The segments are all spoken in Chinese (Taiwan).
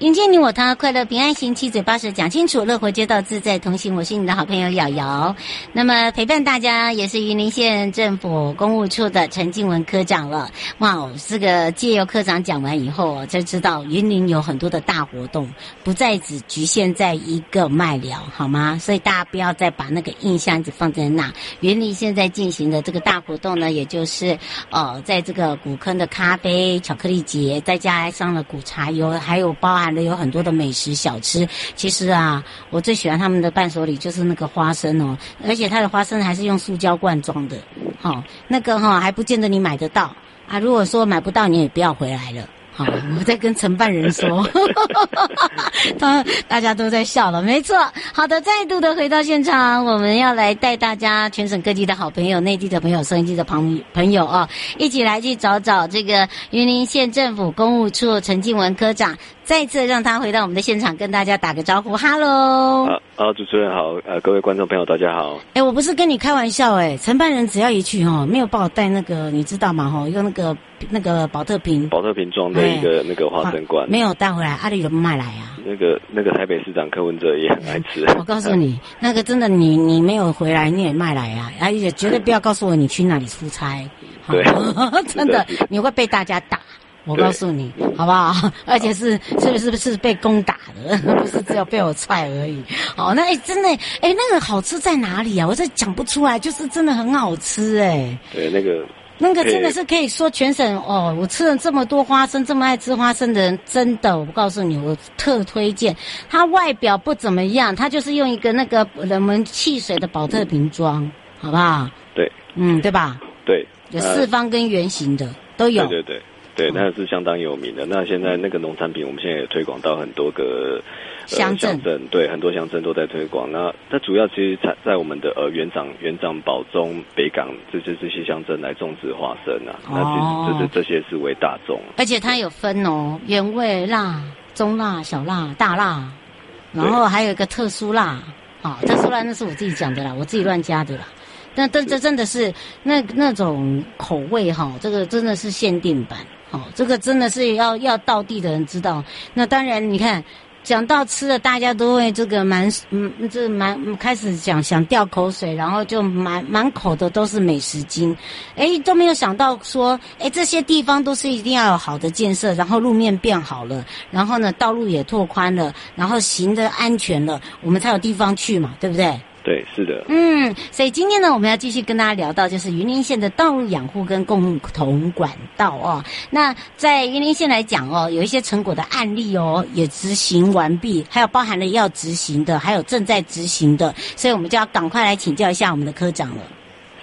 營建你我他，快樂平安行，七嘴八舌講清楚，樂活街道自在同行。我是你的好朋友瑤瑤，那麼陪伴大家也是雲林縣政府工務處的陳敬文科長了。哇哦，這個借由科長講完以後，我才知道雲林有很多的大活動，不再只局限在一個麥寮，好嗎？所以大家不要再把那個印象一直放在那。雲林現在進行的這個大活動呢，也就是呃、哦，在這個古坑的咖啡巧克力節，再加上了苦茶油，還有包啊。有很多的美食小吃，其實啊，我最喜歡他們的伴手禮就是那個花生哦，而且它的花生還是用塑膠罐裝的，好、哦，那個哈、哦、還不見得你買得到啊。如果說買不到，你也不要回來了，好、哦，我在跟承辦人說，他 大家都在笑了，沒錯，好的，再度的回到現場，我們要來帶大家全省各地的好朋友、內地的朋友、深圳的朋朋友啊、哦，一起來去找找這個雲林縣政府工務處陳敬文科長。再一次讓他回到我們的現場，跟大家打個招呼。Hello，啊，啊，主持人好，呃、啊，各位觀眾朋友，大家好。哎、欸，我不是跟你開玩笑，欸，哎，承辦人只要一去，哈、喔，沒有幫我帶那個，你知道嗎？哈、喔，用那個那個寶特瓶，寶特瓶裝的一個那個花生罐，沒有帶回來，阿里都賣來啊。那個那個台北市長柯文哲也很愛吃。嗯、我告訴你，呵那個真的你，你你沒有回來你也賣來啊，里也絕對不要告訴我你去哪裡出差，嗯、好對， 真的，的，的你會被大家打。我告訴你，對好不好？嗯、而且是好是不是，是不是被攻打的？ 不是只有被我踹而已。好，那哎、欸、真的哎、欸、那個好吃在哪裡啊？我這講不出來，就是真的很好吃哎、欸。對，那個那個真的是可以說全省、欸、哦。我吃了這麼多花生，這麼愛吃花生的人，真的，我不告訴你，我特推薦。它外表不怎麼樣，它就是用一個那個人們汽水的寶特瓶裝，嗯、好不好？對，嗯，對吧？對，有四方跟圓形的都有。對,對對。對，那是相當有名的。那現在那個農產品，我們現在也推廣到很多個、呃、鄉鎮、鎮。對，很多鄉鎮都在推廣。那它主要其實產在我們的呃元長、元長、褒忠、北港這些這些鄉鎮來種植花生啊。那、哦、其實就是這些是為大眾。而且它有分哦，對原味、辣、中辣、小辣、大辣，然後還有一個特殊辣。好、哦，特殊辣那是我自己講的啦，我自己亂加的啦。那這這真的是那那種口味哈，哦，這個真的是限定版，哦，這個真的是要要道地的人知道。那當然，你看講到吃的，大家都會這個蠻嗯，這蠻、嗯、開始想想掉口水，然後就滿滿口的都是美食精。誒，都沒有想到說，誒，這些地方都是一定要有好的建設，然後路面變好了，然後呢道路也拓寬了，然後行得安全了，我們才有地方去嘛，對不對？對，是的，嗯，所以今天呢，我們要繼續跟大家聊到，就是雲林縣的道路養護跟共同管道哦。那在雲林縣來講哦，有一些成果的案例哦，也執行完畢，還有包含了要執行的，還有正在執行的，所以我們就要趕快來請教一下我們的科長了。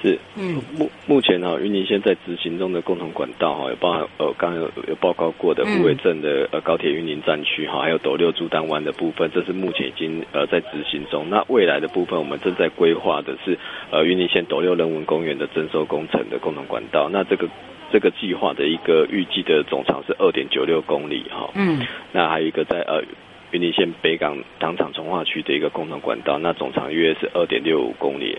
是，嗯，目目前哈、哦，雲林縣在執行中的共同管道哈、哦，有包含呃，剛剛有有報告過的虎尾鎮的呃高鐵雲林站區哈、哦，還有斗六朱丹灣的部分，這是目前已經呃在執行中。那未來的部分，我們正在規劃的是呃，雲林縣斗六人文公園的徵收工程的共同管道。那這個這個計劃的一個預計的總長是二點九六公里哈。哦、嗯，那還有一個在呃。雲林縣北港糖廠從化區的一個共同管道，那總長約是二點六五公里。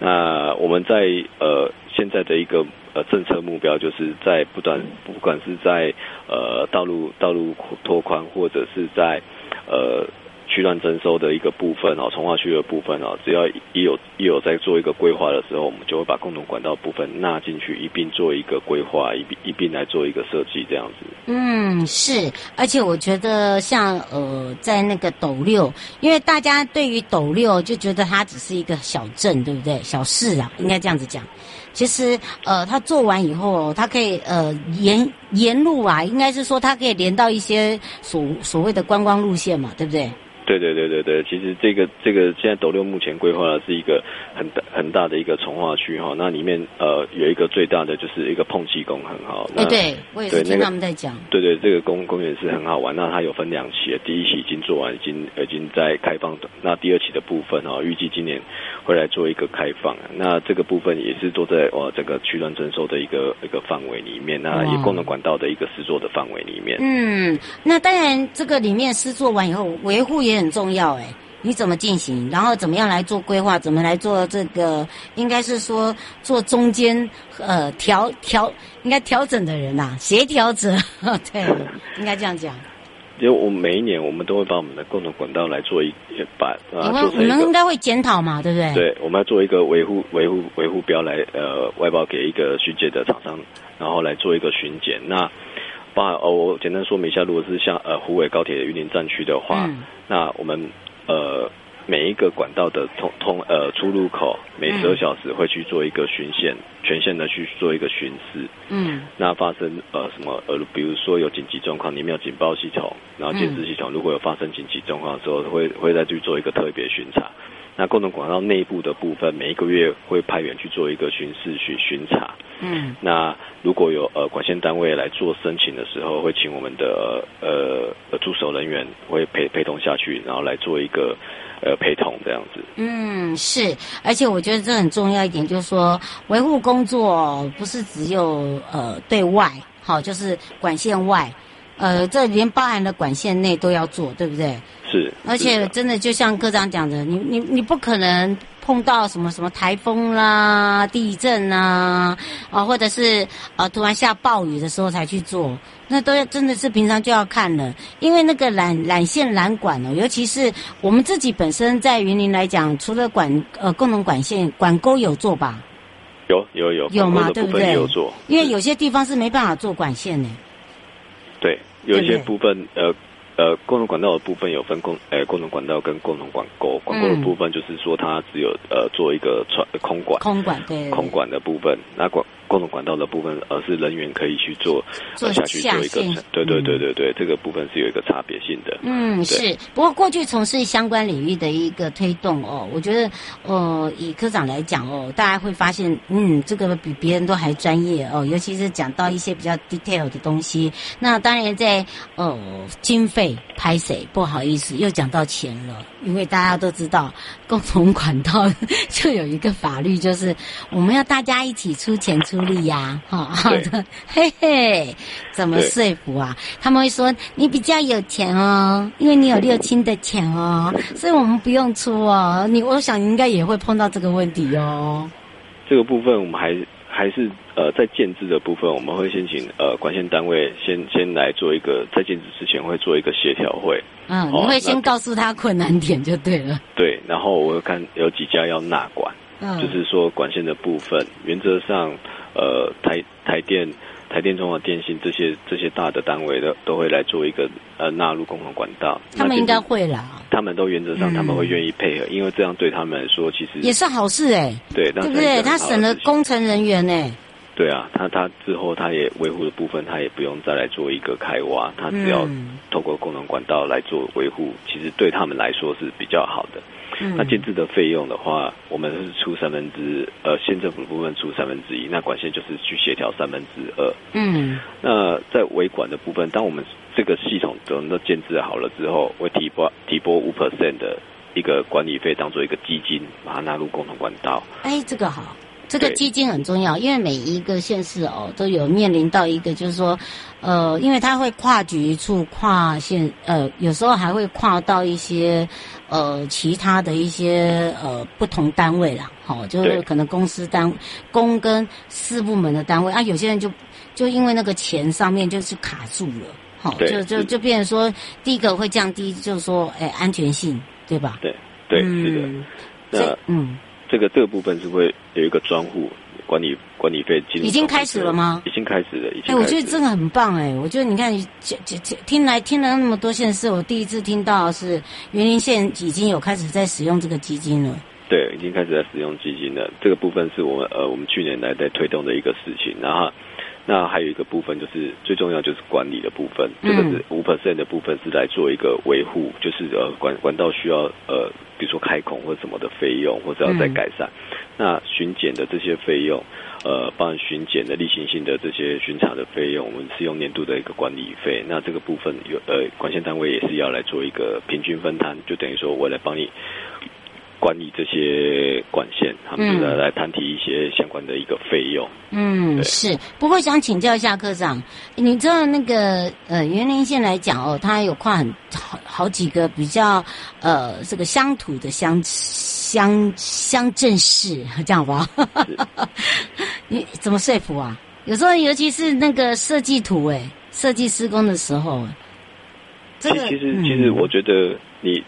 那我們在呃現在的一個呃政策目標，就是在不斷，不管是在呃道路道路拓寬，或者是在呃。區段徵收的一個部分哦，重劃區的部分哦，只要一有一有在做一個規劃的時候，我們就會把共同管道部分納進去，一併做一個規劃，一併一併來做一個設計這樣子。嗯，是，而且我覺得像呃，在那個斗六，因為大家對於斗六就覺得它只是一個小鎮，對不對？小市啊，應該這樣子講。其實呃，它做完以後，它可以呃沿沿路啊，應該是說它可以連到一些所所謂的觀光路線嘛，對不對？對對對對對，其實這個這個現在斗六目前規劃的是一個很大很大的一個重劃區哈、哦，那裡面呃有一個最大的就是一個碰氣工，很好。哎，欸、對，我也是聽他們在講。對，那個、對對，這個公公園是很好玩，那它有分兩期的，第一期已經做完，已經已經在開放的，那第二期的部分哈、哦，預計今年會來做一個開放。那這個部分也是做在我整個區段徵收的一個一個範圍裡面，那也共同管道的一個施作的範圍裡面。嗯，那當然這個裡面施作完以後維護也。很重要哎、欸，你怎麼進行？然後怎麼樣來做規劃？怎麼來做這個？應該是說做中間呃調調，應該調整的人吶、啊，協調者，對，應該這樣講。因為我每一年我們都會把我們的共同管道來做一半，啊，你們你們應該會檢討嘛，對不對？對，我們要做一個維護維護維護標來呃外包給一個巡檢的廠商，然後來做一個巡檢那。呃、哦，我簡單說明一下，如果是像呃，虎尾高鐵雲林站區的話，嗯、那我們呃每一個管道的通通呃出入口，每十二小時會去做一個巡線，嗯、全線的去做一個巡視。嗯，那發生呃什麼呃，比如說有緊急狀況，裡面有警報系統，然後監視系統如果有發生緊急狀況的時候，嗯、會會再去做一個特別巡查。那共同管道內部的部分，每一個月會派員去做一個巡視去巡查。嗯，那如果有呃管線單位來做申請的時候，會請我們的呃呃駐守人員會陪陪同下去，然後來做一個呃陪同這樣子。嗯，是，而且我覺得這很重要一點，就是說維護工作不是只有呃對外，好，就是管線外。呃，這連包含的管線內都要做，對不對？是。是而且真的就像科長講的，你你你不可能碰到什麼什麼台風啦、地震啦、啊，啊、呃，或者是啊、呃、突然下暴雨的時候才去做，那都要真的是平常就要看了，因為那個纜纜線纜管哦，尤其是我們自己本身在雲林來講，除了管呃共同管線管溝有做吧？有有有有嗎？對不對？有做、嗯。因為有些地方是沒辦法做管線的。對。有一些部分，對對呃，呃，共同管道的部分有分工，呃，共同管道跟共同管溝。管溝的部分就是說，它只有呃，做一個穿、呃、空管，空管對，對，對，空管的部分，那管。共同管道的部分，而、呃、是人員可以去做，呃、做下，下去做一個，對對對對對，嗯、這個部分是有一個差別性的。嗯，對是。不過過去從事相關領域的一個推動哦，我覺得，呃、哦，以科長來講哦，大家會發現，嗯，這個比別人都還專業哦，尤其是講到一些比較 detail 的東西。那當然在，呃、哦，經費拍誰？不好意思，又講到錢了，因為大家都知道，共同管道 就有一個法律，就是我們要大家一起出錢出錢。努力呀，哈好的，哦、對嘿嘿，怎麼說服啊？對他們會說，你比較有錢哦，因為你有六親的錢哦，嗯、所以我們不用出哦，你我想你應該也會碰到這個問題哦。這個部分我們還還是呃在建置的部分，我們會先請呃管線單位先先來做一個在建置之前會做一個協調會。嗯，你會先告訴他困難點就對了。哦、對，然後我會看有幾家要納管，嗯、就是說管線的部分，原則上。呃，台台電、台電、中華電信這些這些大的單位的，都會來做一個呃納入共同管道。他們應該會啦。他們都原則上他們會願意配合，嗯、因為這樣對他們來說，其實也是好事哎、欸。對，對不對？他省了工程人員哎、欸。對啊，他他之後他也維護的部分，他也不用再來做一個開挖，他只要透過共同管道來做維護，嗯、其實對他們來說是比較好的。嗯，那建制的費用的話，我們是出三分之，呃，縣政府的部分出三分之一，那管線就是去協調三分之二。嗯，那在維管的部分，當我們這個系統整個建制好了之後，會提撥提撥五 percent 的一個管理費，當做一個基金，把它納入共同管道。哎，這個好。這個基金很重要，對因為每一個縣市哦都有面臨到一個，就是說，呃，因為它會跨局處、跨縣，呃，有時候還會跨到一些，呃，其他的一些呃不同單位啦。好，就是可能公司單對公跟私部門的單位啊，有些人就就因為那個錢上面就是卡住了，好對，就就就變成說，第一個會降低，就是說，哎、欸，安全性，對吧？對對是嗯。是這個這個部分是會有一個專戶管理管理費基金？已經開始了嗎？已經開始了，已經開始了。哎、我覺得這個很棒哎！我覺得你看，這這這聽來聽了那麼多縣是我第一次聽到是雲林縣已經有開始在使用這個基金了。對，已經開始在使用基金了。這個部分是我們呃，我們去年來在推動的一個事情。然後，那還有一個部分就是最重要就是管理的部分，這個、嗯、是五 percent 的部分是來做一個維護，就是呃管管道需要呃。比如說開孔或者什麼的費用，或者要再改善，嗯、那巡檢的這些費用，呃，包含巡檢的例行性的這些巡查的費用，我們是用年度的一個管理費。那這個部分有呃，管線單位也是要來做一個平均分攤，就等於說我來幫你。管理這些管線，他們來、嗯、來談提一些相關的一個費用。嗯，對是。不過想請教一下科長，你知道那個呃，雲林縣來講哦，它有跨很好好幾個比較呃，這個鄉土的鄉鄉鄉鎮市，這樣吧？是 你怎麼說服啊？有時候尤其是那個設計圖，哎，設計施工的時候，這個、欸、其實、嗯、其實我覺得你。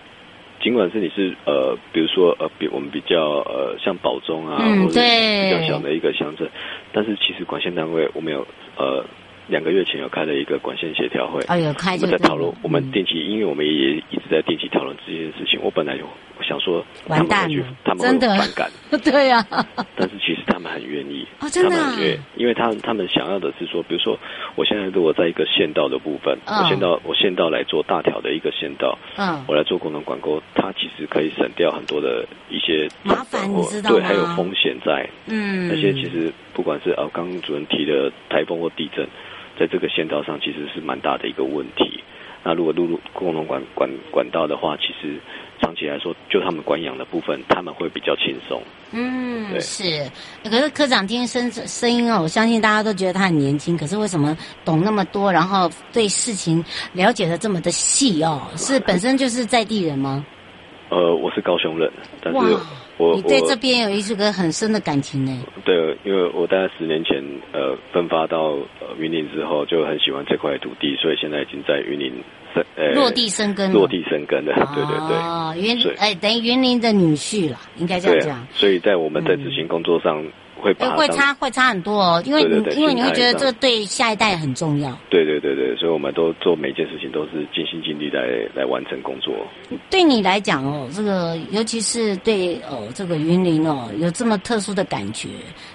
儘管是你是呃，比如說呃，比我們比較呃，像保中褒忠啊，嗯、或者比較小的一個鄉鎮，對但是其實管線單位，我們有呃兩個月前有開了一個管線協調會，哦、我們在討論，對我們定期，因為我們也一直在定期討論這件事情，我本來有。我想說，他們會去，他們反感，對呀。但是其實他們很願意，他們因為，因為，他他們想要的是說，比如說，我現在如果在一個縣道的部分，我縣道我縣道來做大條的一個縣道，嗯，我來做共同管溝，它其實可以省掉很多的一些麻煩，你知道對，還有風險在，嗯，那些其實不管是啊，剛剛主任提的台風或地震，在這個縣道上其實是蠻大的一個問題。那如果路路共同管管管道的話，其實。長期來說，就他們管養的部分，他們會比較輕鬆。嗯，對。是，可是科長聽聲聲音哦，我相信大家都覺得他很年輕，可是為什麼懂那麼多，然後對事情了解得這麼的細哦？是本身就是在地人嗎？ 呃，我是高雄人，但是。我你對這邊有一種很深的感情呢、欸？對，因為我大概十年前，呃，分發到呃、雲林之後，就很喜歡這塊土地，所以現在已經在雲林生，呃，落地生根，落地生根的，哦、對對對，園原，哎以、欸，等於雲林的女婿了，應該這樣講，啊。所以在我們在執行工作上。嗯會，會差會差很多哦，因為。對對對，因為你會覺得這對下一代很重要。對對對對，所以我們都做每件事情都是盡心盡力來來完成工作。對你來講哦，這個尤其是對哦，這個雲林哦，有這麼特殊的感覺，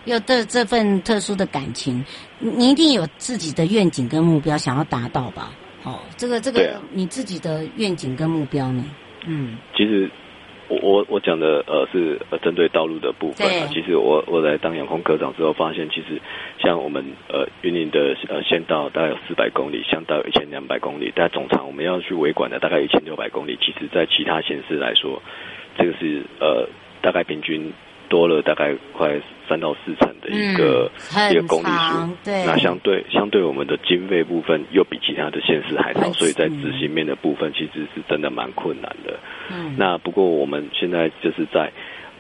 有這這份特殊的感情，你一定有自己的願景跟目標，想要達到吧？哦，這個這個，啊、你自己的願景跟目標呢？嗯，其實。我我我講的呃是呃針對道路的部分啊，其實我我來當養護科長之後，發現其實像我們呃雲林的呃縣道大概有四百公里，鄉道有一千兩百公里，但總長我們要去維管的大概一千六百公里，其實在其他縣市來說，這個是呃大概平均多了大概快三到四成的一個、嗯、一個公里數對，那相對相對我們的經費部分又比其他的縣市還少，還是，所以在執行面的部分其實是真的蠻困難的。嗯，那不過我們現在就是在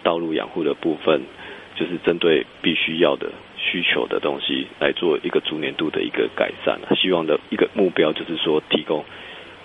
道路養護的部分，就是針對必須要的需求的東西來做一個逐年度的一個改善。希望的一個目標就是說，提供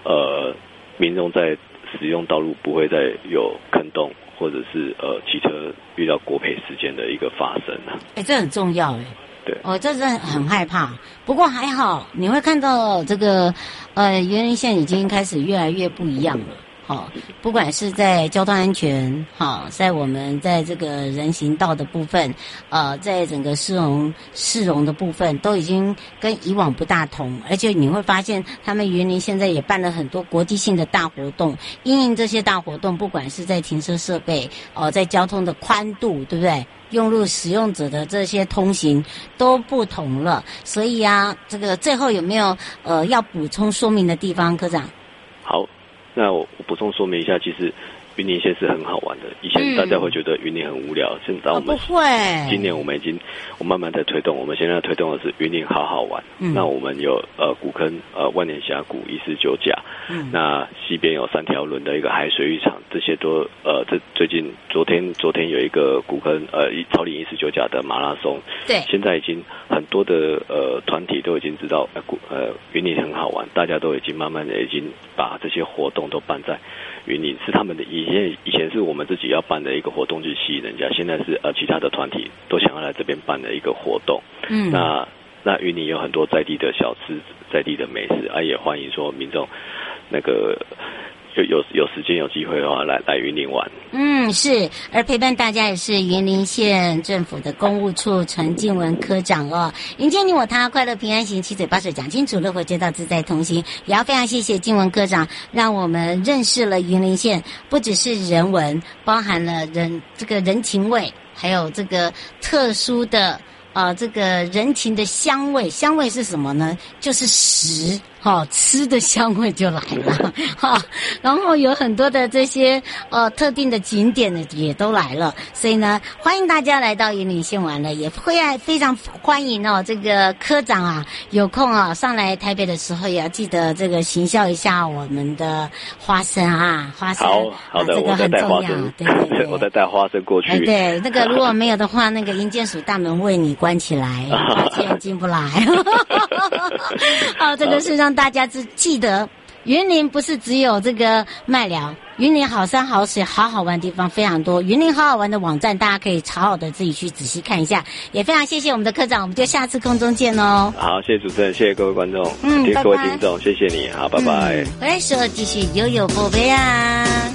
呃民眾在使用道路不會再有坑洞。或者是呃，汽車遇到國賠事件的一個發生呢、啊？哎、欸，這很重要哎、欸。對，我、哦、這是很害怕，嗯、不過還好，你會看到這個呃，原因現在已經開始越來越不一樣了。嗯好，不管是在交通安全，好，在我們在這個人行道的部分，呃，在整個市容市容的部分，都已經跟以往不大同。而且你會發現，他們雲林現在也辦了很多國際性的大活動，因為這些大活動，不管是在停車設備，哦、呃，在交通的寬度，對不對？用路使用者的這些通行都不同了。所以啊，這個最後有沒有呃要補充說明的地方，科長？好。那我補充說明一下，其實。雲林縣是很好玩的，以前大家會覺得雲林很無聊，嗯、現在我們、哦、不會今年我們已經，我慢慢在推動，我們現在推動的是雲林好好玩。嗯、那我們有呃古坑呃萬年峽谷一四九甲，嗯、那西邊有三條輪的一個海水浴場，這些都呃這最近昨天昨天有一個古坑呃草嶺一草嶺一四九甲的馬拉松，對，現在已經很多的呃團體都已經知道古呃雲、呃、林很好玩，大家都已經慢慢的已經把這些活動都辦在。雲林是他們的，以前以前是我們自己要辦的一個活動，去吸引人家，現在是呃其他的團體都想要來這邊辦的一個活動。嗯，那那雲林有很多在地的小吃，在地的美食啊，也歡迎說民眾那個。就有有時間有機會的話，來，來來雲林玩。嗯，是。而陪伴大家也是雲林縣政府的工務處陳敬文科長哦。營建你我他，快樂平安行，七嘴八舌講清楚，樂活街道自在同行。也要非常謝謝敬文科長，讓我們認識了雲林縣，不只是人文，包含了人這個人情味，還有這個特殊的啊、呃、這個人情的香味。香味是什麼呢？就是食。好、哦、吃的香味就來了，哈、哦，然後有很多的這些呃特定的景點呢也都來了，所以呢歡迎大家來到雲林縣玩了也會非常歡迎哦。這個科長啊，有空啊上來台北的時候也要記得這個行銷一下我們的花生啊，花生。好，好的、啊，這個很重要。對，我再帶花生過去。哎，對，那個如果沒有的話， 那個營建署大門為你關起來，自然進不來。哦， 這個是讓。讓大家只記得雲林不是只有這個麥寮，雲林好山好水好好玩的地方非常多，雲林好好玩的網站大家可以好好的自己去仔細看一下，也非常謝謝我們的科長，我們就下次空中見哦。好，謝謝主持人，謝謝各位觀眾，嗯，謝謝各位聽眾，拜拜。謝謝你，好，拜拜。嗯，回來時候繼續悠悠寶貝啊。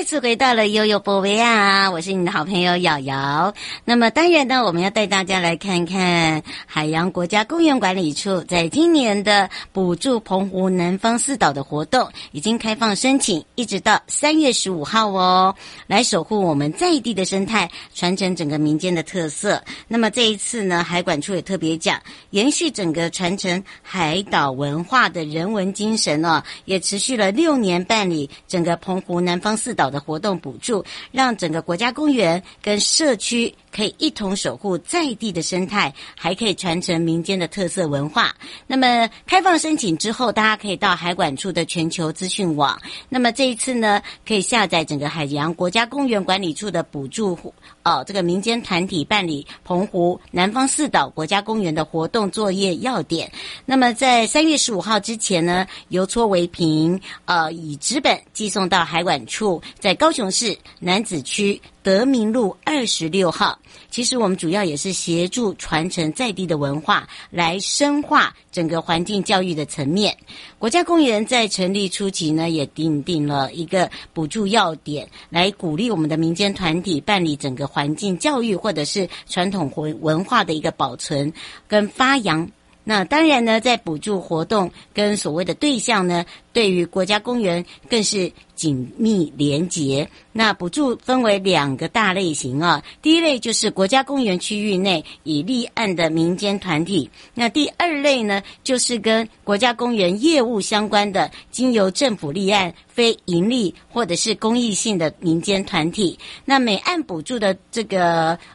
再次回到了悠悠波維亞，我是你的好朋友瑤瑤。那麼，當然呢，我們要帶大家來看看海洋國家公園管理處在今年的補助澎湖南方四島的活動已經開放申請，一直到三月十五號哦。來守護我們在地的生態，傳承整個民間的特色。那麼這一次呢，海管處也特別講，延續整個傳承海島文化的人文精神哦，也持續了六年辦理整個澎湖南方四島。的活動補助，讓整個國家公園跟社區可以一同守護在地的生態，還可以傳承民間的特色文化。那麼開放申請之後，大家可以到海管處的全球資訊網。那麼這一次呢，可以下載整個海洋國家公園管理處的補助哦，呃，這個民間團體辦理澎湖南方四島國家公園的活動作業要點。那麼在三月十五號之前呢，郵戳為憑，呃，以紙本寄送到海管處。在高雄市楠梓區德明路二十六號，其實我們主要也是協助傳承在地的文化，來深化整個環境教育的層面。國家公園在成立初期呢，也訂定了一個補助要點，來鼓勵我們的民間團體辦理整個環境教育，或者是傳統文文化的一個保存跟發揚。那當然呢，在補助活動跟所謂的對象呢，對於國家公園更是緊密連結。那補助分為兩個大類型啊，第一類就是國家公園區域內已立案的民間團體，那第二類呢，就是跟國家公園業務相關的、經由政府立案、非營利或者是公益性的民間團體。那每案補助的這個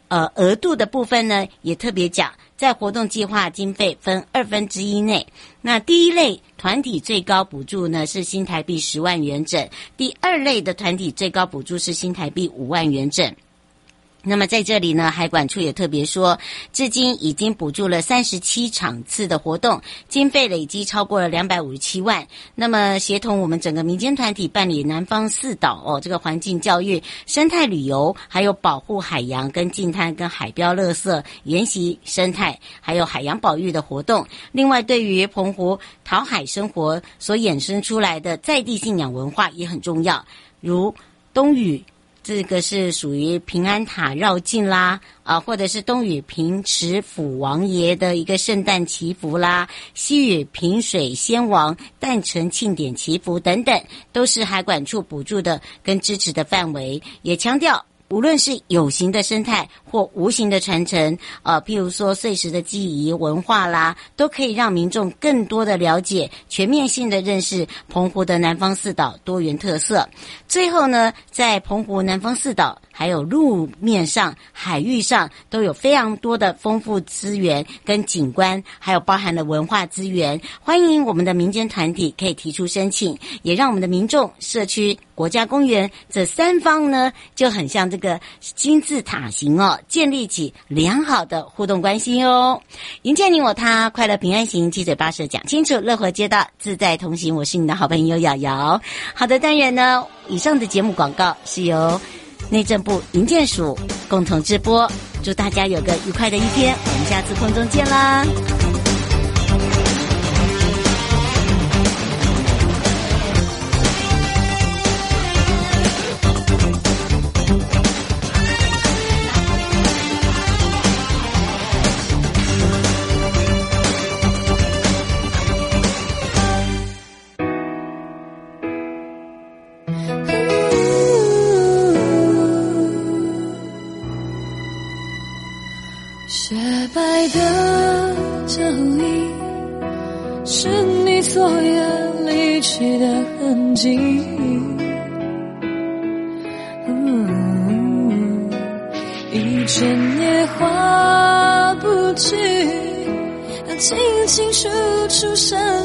呃額度的部分呢，也特別講在活動計劃經費分二分之一內。那第一類團體最高補助呢是新台幣十萬元整，第二類的團體最高補助是新台幣五萬元整。那麼在這裡呢，海管處也特別說，至今已經補助了三十七場次的活動，經費累積超過了兩百五十七萬。那麼協同我們整個民間團體辦理南方四島哦，這個環境教育、生態旅遊，還有保護海洋、跟淨灘、跟海標、垃圾、沿襲生態，還有海洋保育的活動。另外，對於澎湖討海生活所衍生出來的在地信仰文化也很重要，如冬雨。這個是屬於平安塔繞境啦，啊、呃，或者是東嶼平池府王爺的一個聖誕祈福啦，西嶼平水仙王誕辰慶典祈福等等，都是海管處補助的跟支持的範圍，也強調。無論是有形的生態或無形的傳承，呃，譬如說碎石的技藝文化啦，都可以讓民眾更多的了解，全面性的認識澎湖的南方四島多元特色。最後呢，在澎湖南方四島。還有路面上、海域上都有非常多的豐富資源跟景觀，還有包含了文化資源，歡迎我們的民間團體可以提出申請，也讓我們的民眾、社區、國家公園這三方呢，就很像這個金字塔型哦，建立起良好的互動關係喲、哦。營建你我他，快樂平安行，七嘴八舌講清楚，樂活街道自在同行，我是你的好朋友瑤瑤。好的單元呢，以上的節目廣告是由。內政部營建署共同直播，祝大家有個愉快的一天，我們下次空中見啦。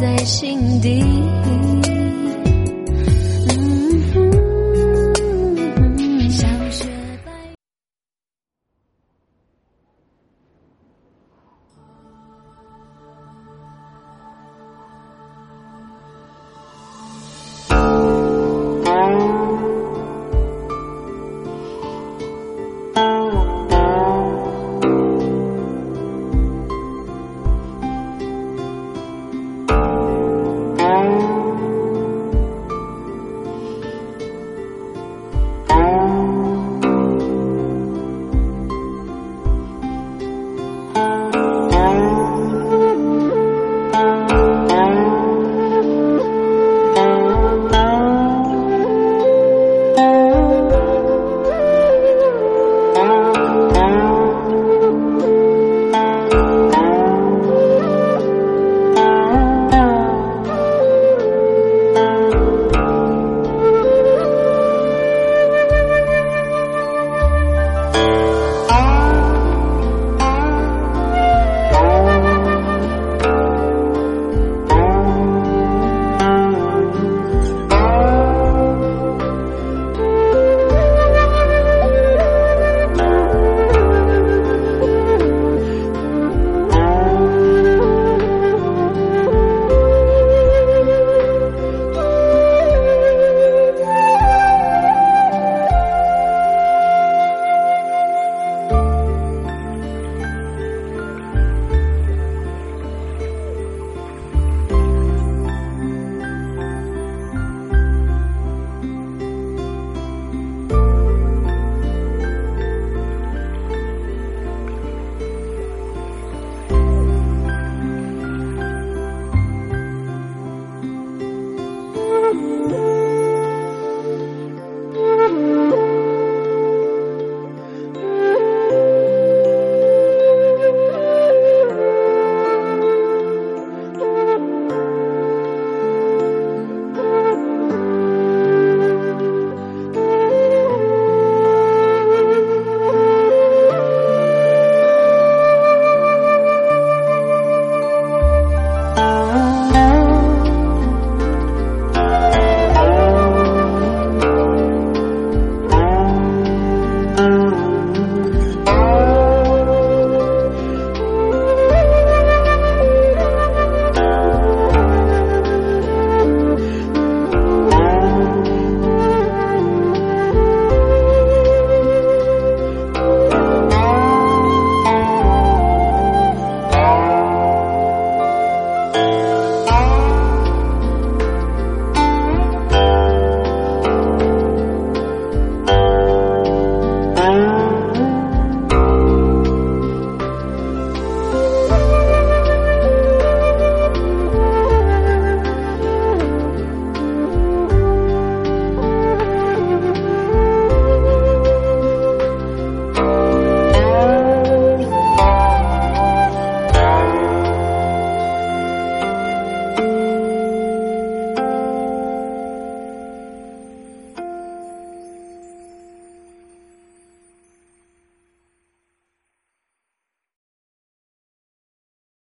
在心底。